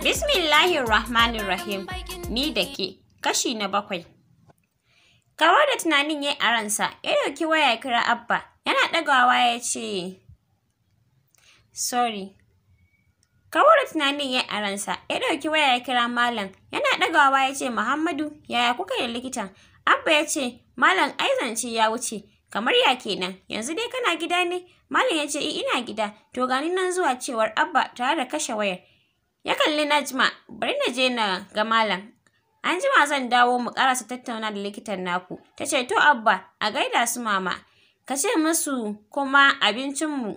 Bismillahir Rahmanir Rahim, ni da ke, kashi na bakwai. Kawo da tunanin ya yi a ransa, ya ɗauki waya ya kira Abba, yana ɗagawa ya ce, Sorry. Kawar da tunanin ya yi a ransa, ya ɗauki waya ya kira Malam, yana ɗagawa ya ce, Muhammadu, yaya kuka yi likitan? Abba ya ce, Malam ai ya wuce, kamar ya kenan, yanzu dai kana gida ne? Malam ya ce, eh, ina gida, to gani nan zuwa cewar Abba tare da kashe wayar. Ya kalli Najma, bari na je na ga malam. An jima zan dawo mu karasa tattauna da likitan naku. Ta ce to abba, a gaida su mama. Ka ce musu kuma abincinmu.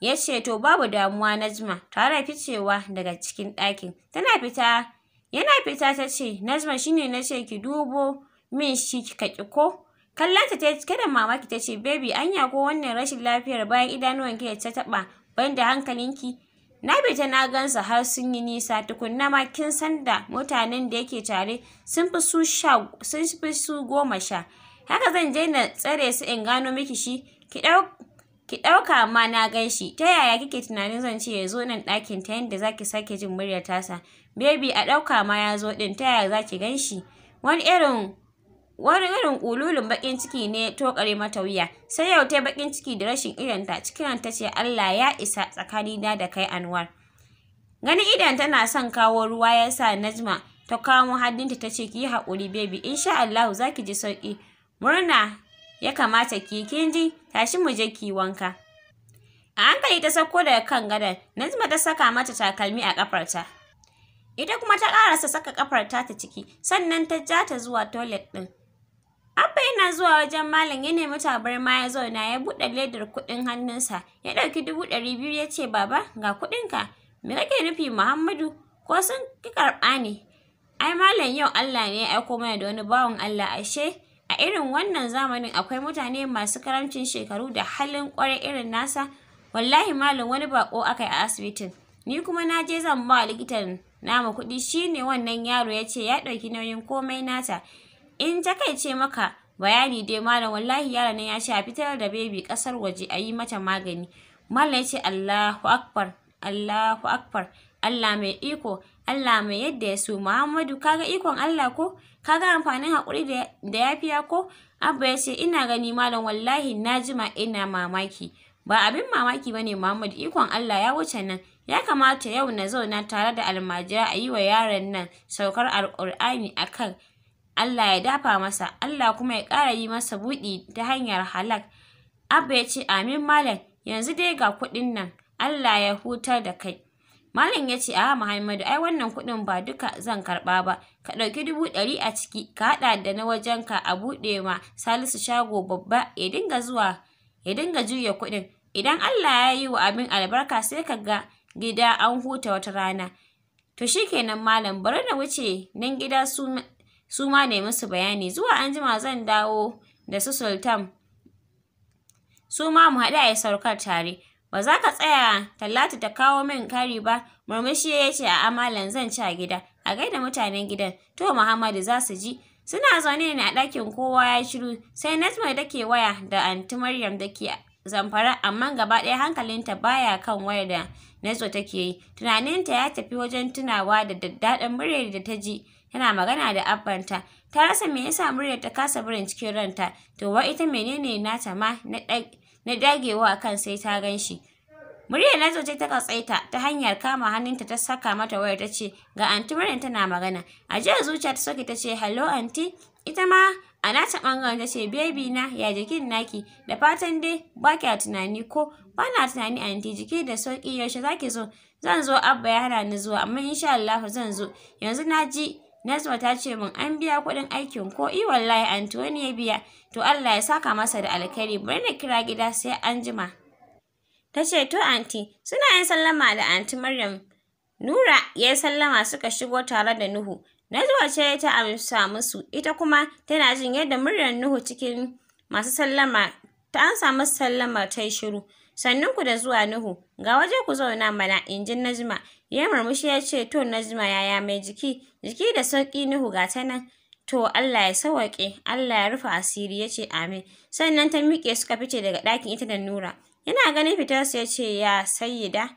Ya ce to babu damuwa Najma, tare da ficewa daga cikin ɗakin. Tana fita, yana fita ta ce, Najma shine na ce ki dubo min shi ki ƙi ko? Kallonta ta cike da mamaki ta ce, Baby, anya ko wannan rashin lafiyar bayan idanuwanki da ta taɓa, banda hankalinki, Na fita na gansa har sun yi nisa tukunna ma kin san da mutanen da yake tare sun fi su sha sun fi su goma sha. Haka zan je na tsare su in gano miki shi ki ki ɗauka ma na ganshi Ta yaya kike tunanin zan ce ya zo nan ɗakin ta yadda za ki sake jin muryar tasa? Baby a ɗauka ma ya zo ɗin ta yaya za ki gan shi? Wani irin wani irin ƙululun baƙin ciki ne tokare mata wuya sai yau ta baƙin ciki da rashin idonta cikin ta ce Allah ya isa tsakanina da kai Anwar gani idan tana son kawo ruwa ya sa Najma ta kawo hannunta ta ce ki haƙuri baby insha Allahu za ki ji sauƙi murna ya kamata ki kin ji tashi mu je ki wanka a hankali ta sauko daga kan gadon Najma ta saka mata takalmi a ƙafarta ita kuma ta ƙarasa saka kafar ta ciki sannan ta ja ta zuwa toilet ɗin Abba yana zuwa wajen malam ya nemi tabarma ya zauna ya buɗe ledar kuɗin hannunsa. Ya ɗauki dubu ɗari biyu ya ce baba ga kuɗinka. Me kake nufi Muhammadu? Ko sun ki karɓa ne? Ai malam yau Allah ne ya aiko mana da wani bawan Allah ashe. A irin wannan zamanin akwai mutane masu karamcin shekaru da halin ƙwarai irin nasa. Wallahi malam wani bako aka yi a asibitin. Ni kuma na je zan ba likitan nama kuɗi shine wannan yaro ya ce ya ɗauki nauyin komai nata. in takaice maka bayani dai malam wallahi yaron nan ya ce a fitar da baby ƙasar waje a yi mata magani malam ya ce Allahu akbar Allahu akbar Allah mai iko Allah mai yadda ya so Muhammadu kaga ikon Allah ko kaga amfanin haƙuri da yafiya ko Abba ya ce ina gani malam wallahi na jima ina mamaki ba abin mamaki bane Muhammadu ikon Allah ya wuce nan ya kamata yau na zauna tare da almajira a yi wa yaron nan saukar alƙur'ani akan Allah ya dafa masa, Allah kuma ya ƙara yi masa buɗi ta hanyar halak. Abba ya ce, Amin Malam, yanzu dai ga kuɗin nan, Allah ya hutar da kai. Malam ya ce, a Muhammadu, ai wannan kuɗin ba duka zan karɓa ba, ka ɗauki dubu ɗari a ciki, ka haɗa da na wajen ka a buɗe ma Salisu shago babba ya dinga zuwa, ya dinga juya kuɗin. Idan Allah ya yi wa abin albarka sai ka ga gida an huta wata rana. To shi kenan malam, bari na wuce nan gida su su ma ne musu bayani zuwa anjima zan dawo da su sultan su ma mu haɗu a yi saukar tare ba za ka tsaya Talatu ta kawo min kari ba murmushi ya ce a amalan zan ci a gida a gaida mutanen gidan to Muhammadu za su ji suna zaune ne a ɗakin kowa ya shiru sai Najma da ke waya da anti Maryam da ke zamfara amma gaba ɗaya hankalinta baya kan waya da Najma take yi tunaninta ya tafi wajen tunawa da daddaɗin muryar da ta ji tana magana da abbanta ta rasa me yasa muryar ta kasa barin cikin ranta to wai ita menene nata ma na dagewa akan sai ta gan shi Muryar Nazo ce ta katsaita ta hanyar kama hannunta ta saka mata wayar ta ce ga anti Maryam tana magana. A jiya zuciya ta soke ta ce hello anti ita ma a nata bangaren ta ce baby na ya jikin naki da fatan dai ba kya tunani ko ba na tunani anti jiki da sauki yaushe zaki zo zan zo abba ya hana ni zuwa amma insha Allah zan zo yanzu na ji Nazwa ta ce min an biya kuɗin aikin ko i eh, wallahi wani ya biya. To Allah ya saka masa da alkhairi bari na kira gida sai an jima. Ta ce to anti suna yin sallama da anti Maryam. Nura ya sallama suka shigo tare da Nuhu. Nazwa ce ta amsa musu ita kuma tana jin yadda maryam Nuhu cikin masu sallama ta an samu sallama ta yi shiru. Sannan ku da zuwa Nuhu, ga waje ku zauna mana, injin Najma. Ya murmushi ya ce, To Najma yaya mai jiki? Jiki da sauƙi Nuhu ga ta nan. To Allah ya sawaƙe, Allah ya rufe asiri ya ce amin. Sannan ta miƙe suka fice daga ɗakin ita da Nura. Yana ganin fitarsu ya ce ya sayyida.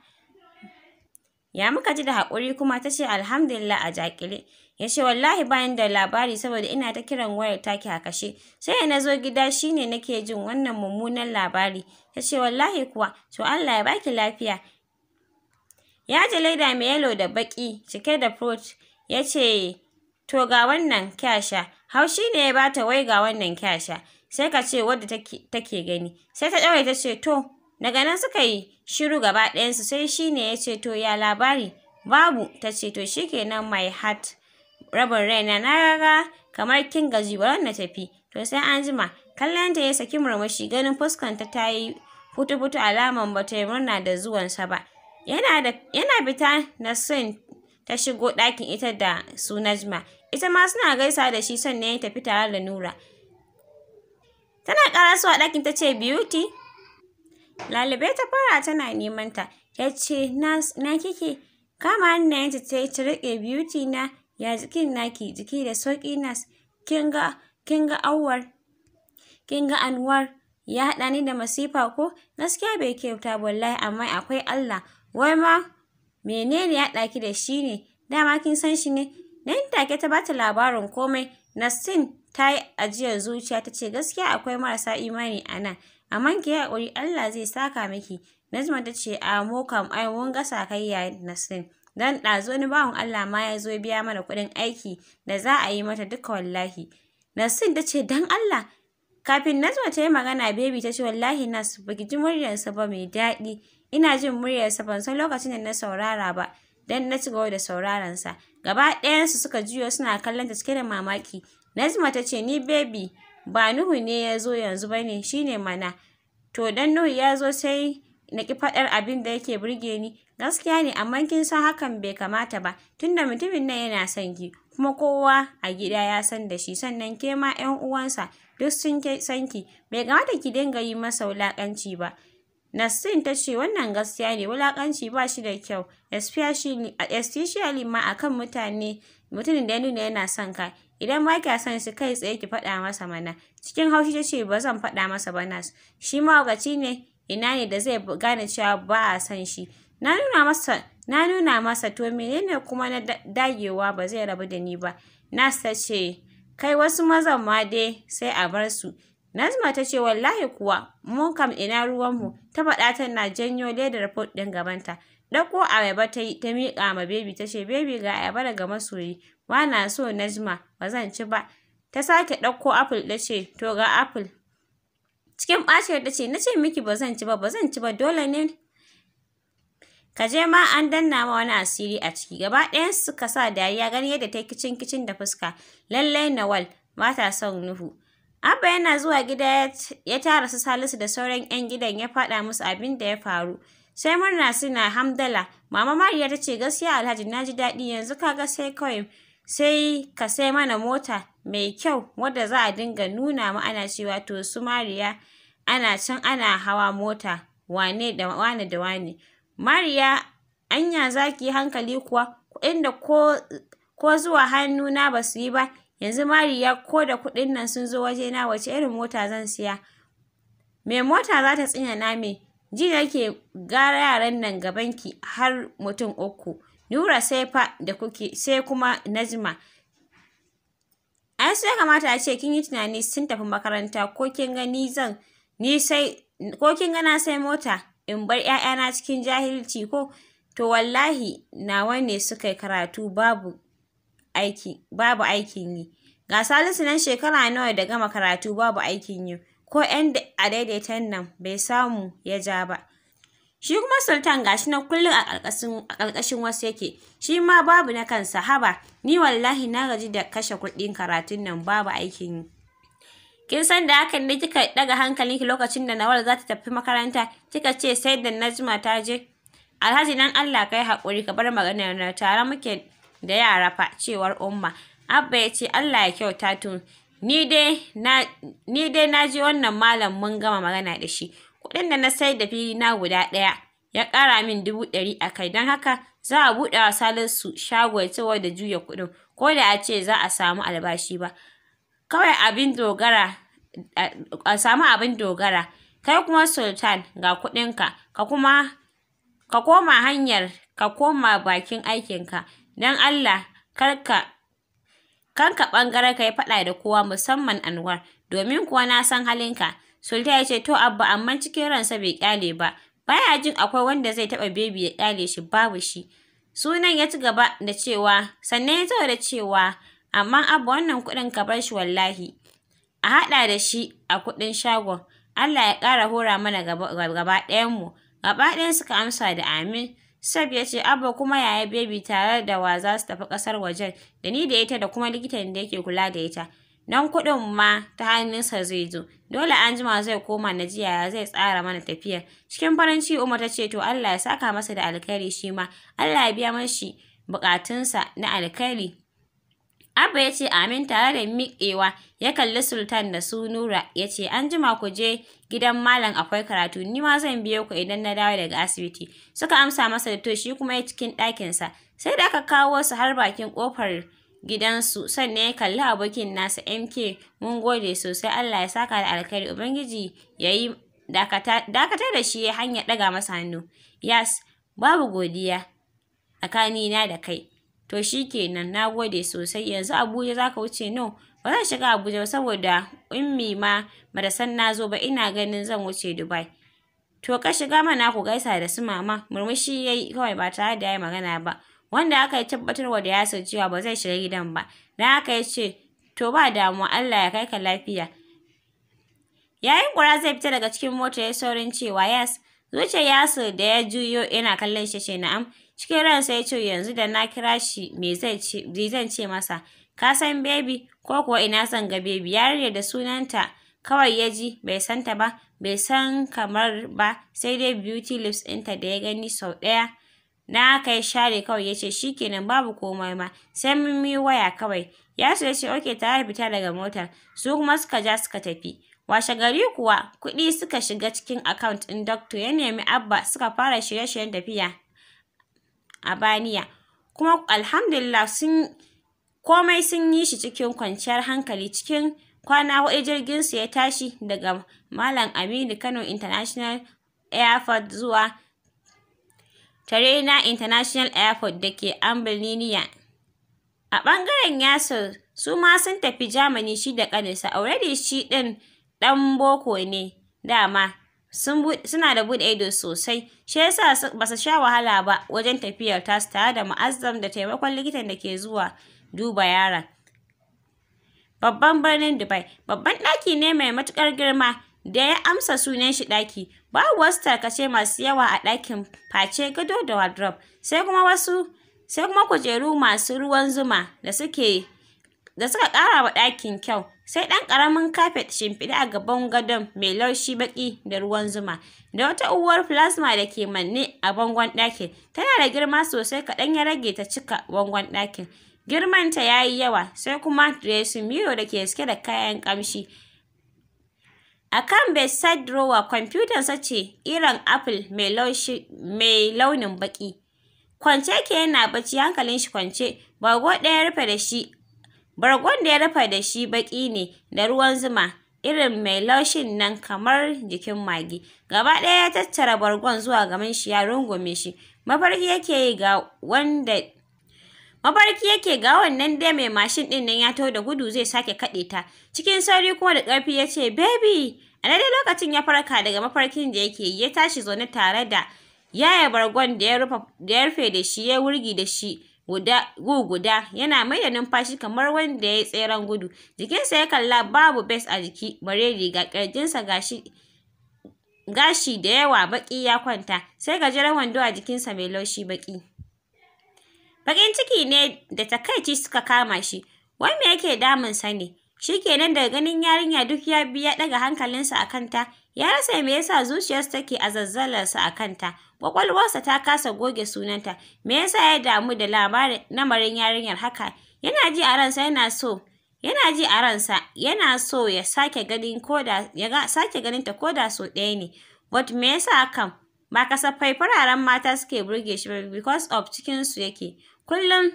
Ya muka ji da haƙuri kuma ta ce alhamdulillah a jaƙile. Ya ce wallahi bayan da labari saboda ina ta kiran wayar taki a kashe. Sai ya nazo gida shine nake jin wannan mummunan labari. Ta ce wallahi kuwa to Allah ya baki lafiya. Ya ji leda mai yalo da baƙi cike da protein. ya ce, To ga wannan kya'sha hau haushi ne ya bata wai ga wannan kya'sha sai ka ce wadda take gani. Sai ta ɗawai ta ce, To, daga nan suka yi shiru gaba ɗayansu sai shi ne ya ce, To, ya labari, babu, ta ce, To, shi kenan my heart, rabin rai na raga kamar kin gaji bari na tafi. To, sai an jima, kallon ta ya saki murmushi ganin fuskanta ta yi futu-futu alaman ba ta yi murna da zuwansa ba. Yana fita Nasin ta shigo ɗakin ita da su Najma. Ita ma suna gaisa da shi sannan ya tafi tare da Nura. Tana a ɗakin ta ce Beauty. Lalibai ta fara tana neman ta. Ya ce na kike kama yanta ta yi ta riƙe Beauty na ya jikin naki jiki da sauƙi na Kin ga kin Anwar kin ga Anwar ya haɗa ni da masifa ko gaskiya bai kyauta wallahi amma akwai Allah wai ma menene ya ɗaki da shi ne dama kin san shi ne nan take ta bata labarin komai nasin ta yi ajiyar zuciya ta ce gaskiya akwai marasa imani a nan amma ki haƙuri Allah zai saka miki Najma ta ce amo kam ai mun ga sakayya Nasrin dan ɗazu wani bawan Allah ma ya zo biya mana kuɗin aiki da za a yi mata duka wallahi nasin ta ce dan Allah kafin Najma ta yi magana bebi ta ce wallahi Nas baki ji muryarsa ba mai daɗi Ina jin muryarsa ban san lokacin da na saurara ba, dan na cigaba da sa Gaba ɗayansu suka juyo suna kallon ta cike da mamaki. Nazma ta ce, ni baby, ba Nuhu ne ya zo yanzu ba ne, shi mana. To dan Nuhu ya zo sai na ki faɗar abin da yake burge ni. Gaskiya ne, amma kin san hakan bai kamata ba, tunda mutumin nan yana son ki, kuma kowa a gida ya san da shi, sannan ke ma 'yan uwansa duk sun san ki, bai kamata ki dinga yi masa wulakanci ba. nassim ta ce wannan gaskiya ne wulakanci ba shi da kyau especially ma kan mutane mutumin da ya nuna yana son ka idan ba kya son shi kai tsaye ki faɗa masa mana cikin haushi ta ce ba zan faɗa masa ba nas shi mawakaci ne ina ne da zai gane cewa ba a son shi na nuna masa na nuna masa to menene kuma na dagewa ba zai rabu da ni ba nas ta ce kai wasu mazan ma dai sai a bar su Nazma ta ce wallahi kuwa mun kam ina ruwanmu ta faɗa tana janyo ledar fot ɗin gabanta. Ɗauko ayaba ta yi ta miƙa ma bebi ta ce bebi ga ayaba daga masoyi ba na so Nazma ba zan ci ba. Ta sake ɗauko apple ta ce to ga apple. Cikin ɓacin ta ce na ce miki ba zan ci ba ba zan ci ba dole ne. Ka je ma an danna ma wani asiri a ciki gaba ɗayansu suka sa dariya gani yadda ta kicin kicin da fuska lallai Nawal ba ta son Nuhu. Abba yana zuwa gida ya tara su Salisu da sauran 'yan gidan ya faɗa musu abin da ya faru. Sai murna suna hamdala. Mama Mariya ta ce gaskiya Alhaji na ji daɗi yanzu ka ga, sai kawai sai ka sai mana mota mai kyau wadda za a dinga nuna mu ana cewa to su Mariya ana can ana hawa mota wane da wane da wane. Mariya anya za ki yi hankali kuwa inda ko ko zuwa hannuna ba su yi ba Yanzu Mariya ko da kuɗin nan sun zo wajena wace irin mota zan siya? Me mota za ta tsina na me? Ji nake gara yaran nan gabanki har mutum uku. Nura sai fa da kuke sai kuma Najma. Ai sai kamata a ce kin yi tunani sun tafi makaranta ko kin ga ni zan ni sai ko kin ga na sai mota in bar ‘ya'yana cikin jahilci ko to wallahi nawa ne suka yi karatu babu aiki babu aikin yi. Ga Salisu nan shekara nawa da gama karatu babu aikin yi, ko ‘yan adaidaitan nan bai samu ya ja ba. Shi kuma Sultan ga shi na kullum a ƙarƙashin wasu yake, shi ma babu na kansa haba, ni wallahi na gaji da kashe kuɗin karatun nan babu aikin yi. Kin san da hakan ne kika ɗaga hankalinki lokacin da Nawal za ta tafi makaranta, kika ce sai da Najma ta je? Alhaji nan Allah ka yi haƙuri ka bar maganar na tare muke da yara fa cewar umma abba ya ce allah ya kyauta tun ni dai na ji wannan malam mun gama magana da shi kuɗin da na sai da fili na guda ɗaya ya ƙara min dubu ɗari a kai don haka za a buɗe wa salisu shago cewar da juya kuɗin ko da a ce za a samu albashi ba kawai abin dogara a samu abin dogara kai kuma sultan ga kuɗinka ka kuma ka koma hanyar ka koma bakin aikinka Don Allah kar ka bangare ka yi faɗa da kowa musamman Anwar, domin kuwa na san halinka. sulta ya ce to Abba amma cikin ransa bai kyale ba, baya ya jin akwai wanda zai taɓa bebi ya kyale shi babu shi. Sunan ya ci gaba da cewa sannan ya zo da cewa amma Abba wannan kuɗin ka bar shi wallahi. a haɗa da shi a kuɗin shagon. Allah ya ƙara hura mana gaba mu. Gaba ɗaya suka amsa da amin. Sab ya ce Abba kuma yaya bebi tare da wa za su tafi ƙasar wajen da ni da ita da kuma likitan da yake kula da ita. Nan kuɗin ma ta hannunsa zai zo. Dole an jima zai koma na ji yaya zai tsara mana tafiyar. Cikin farin ciki Umar ta ce to Allah ya saka masa da alkhairi shi ma. Allah ya biya mashi buƙatunsa na alkhairi Abba ya ce amin tare da miƙewa ya kalli Sultan da su Nura ya ce an jima ku je gidan malam akwai karatu ni ma zan biyo ku idan na dawo daga asibiti. Suka amsa masa da to shi kuma ya cikin ɗakinsa. Sai da aka kawo su har bakin ƙofar gidansu sannan ya kalli abokin nasa MK mun gode sosai Allah ya saka da alkhairi Ubangiji ya yi dakatar da shi ya hanya ɗaga masa hannu. Yas babu godiya tsakanina da kai. to shi kenan na gode sosai yanzu abuja za ka wuce no ba zan shiga abuja ba saboda ummi ma ba da san na zo ba ina ganin zan wuce dubai to ka shiga mana ku gaisa da su mama murmushi ya yi kawai ba tare da ya yi magana ba wanda aka yi tabbatarwa da yasir cewa ba zai shiga gidan ba na aka yi ce to ba damuwa allah ya kai ka lafiya yayin kura zai fita daga cikin mota ya saurin cewa yas zuciya yasir da ya juyo yana kallon shi ce na'am Cikin ransa ya ce yanzu da na kira shi me zan ce masa. Ka san baby ko kuwa ina zan ga baby yarinya da sunanta kawai ya ji bai san ta ba bai san kamar ba sai dai beauty lips ɗinta da ya gani sau ɗaya. Na kai share kawai ya ce shi kenan babu komai ma sai mun yi waya kawai. Yasu ya ce ok tare fita daga motar su kuma suka ja suka tafi. Washe gari kuwa kuɗi suka shiga cikin account ɗin doctor ya nemi Abba suka fara shirye-shiryen tafiya. a Baniya kuma alhamdulillah sun komai sun yi shi cikin kwanciyar hankali cikin kwana huɗu jirgin su ya tashi daga Malam Aminu Kano International Airport zuwa Tarena International Airport da ke Ambaliniya. A ɓangaren Yasir su ma sun tafi jamani shi da ƙaninsa, already shi ɗin ɗan boko ne dama suna da buɗe ido sosai, shi yasa ba su sha wahala ba wajen tafiyar tasu tare da mu'azzam da taimakon likitan da ke zuwa duba yaron. Babban birnin Dubai, babban ɗaki ne mai matuƙar girma da ya amsa sunan shi ɗaki. Babu wasu tarkace masu yawa a ɗakin face gado da wardrobe, sai kuma wasu sai kuma kujeru masu ruwan zuma da suka ƙara wa ɗakin kyau. sai ɗan ƙaramin kafet shimfiɗe a gaban gadon mai laushi baƙi da ruwan zuma da wata uwar plasma da ke manne a bangon ɗakin tana da girma sosai kaɗan ya rage ta cika bangon ɗakin girmanta ya yi yawa sai kuma dressing mirror da ke suke da kayan ƙamshi a kan bedside drawer kwamfutarsa ce irin apple mai launin baƙi kwance ke yana bacci hankalin shi kwance bargo ɗaya rufe da shi Bargon da ya rufa da shi baƙi ne da ruwan zuma, irin mai laushin nan kamar jikin mage. Gaba ɗaya ya tattara bargon zuwa gaban shi ya rungume shi. Mafarki yake yi ga wanda Mafarki yake ga wannan dai mai mashin ɗin nan ya taho da gudu zai sake kaɗe ta. Cikin sauri kuma da ƙarfi ya ce, Baby! A daidai lokacin ya farka daga mafarkin da yake ya tashi zaune tare da yaya bargon da ya rufe da shi ya wurgi da shi gu guda yana mai da numfashi kamar wanda ya yi tseren gudu jikinsa ya kalla babu bes a jiki bare riga ƙirjinsa gashi gashi da yawa baƙi ya kwanta sai gajeren wando a jikinsa mai laushi baƙi baƙin ciki ne da takaici suka kama shi wai me yake damunsa ne shikenan daga ganin yarinya duk ya bi ya ɗaga hankalinsa a kanta Ya rasa me yasa zuciyarsa take a zazzalarsa a kanta, ƙwaƙwalwarsa ta kasa goge sunanta, me yasa ya damu da labarin lamarin yarinyar haka, yana ji a ransa yana so yana ji a ransa yana so ya sake ganin da ya sake ganin ta koda so ɗaya ne but me yasa hakan ba kasafai fararen mata suke burge shi ba because of cikin su yake kullum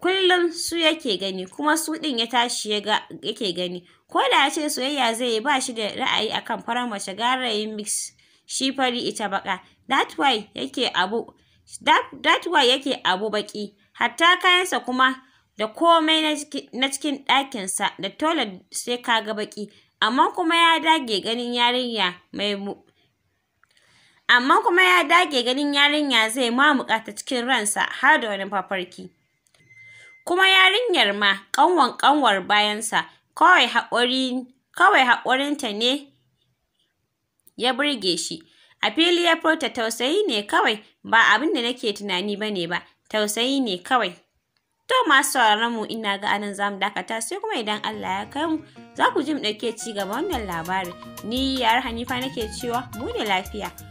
kullum su yake gani kuma su ɗin ya tashi ya ga yake gani Ko da ya ce soyayya zai yi ba shi da ra'ayi a kan farar mace gara yin mix shi fari ita baka. That why yake abu that, abu baki. Hatta kayansa kuma da komai na cikin ɗakinsa da toilet sai ka ga baki. Amma kuma ya dage ganin yarinya mai amma kuma ya dage ganin yarinya zai mamuka ta cikin ransa har da wani fafarki. Kuma yarinyar ma ƙanwar ƙanwar bayansa Kawai haƙuri kawai haƙurinta ne ya burge shi. A fili ya furta, tausayi ne kawai, ba abin da nake tunani ba ne ba, tausayi ne kawai. To masu sauraron mu ina ga anan za mu dakata sai kuma idan Allah ya kai mu za ku ji mu ɗauke ci gaba wannan labarin. Ni yar Hanifa nake cewa mu ne lafiya.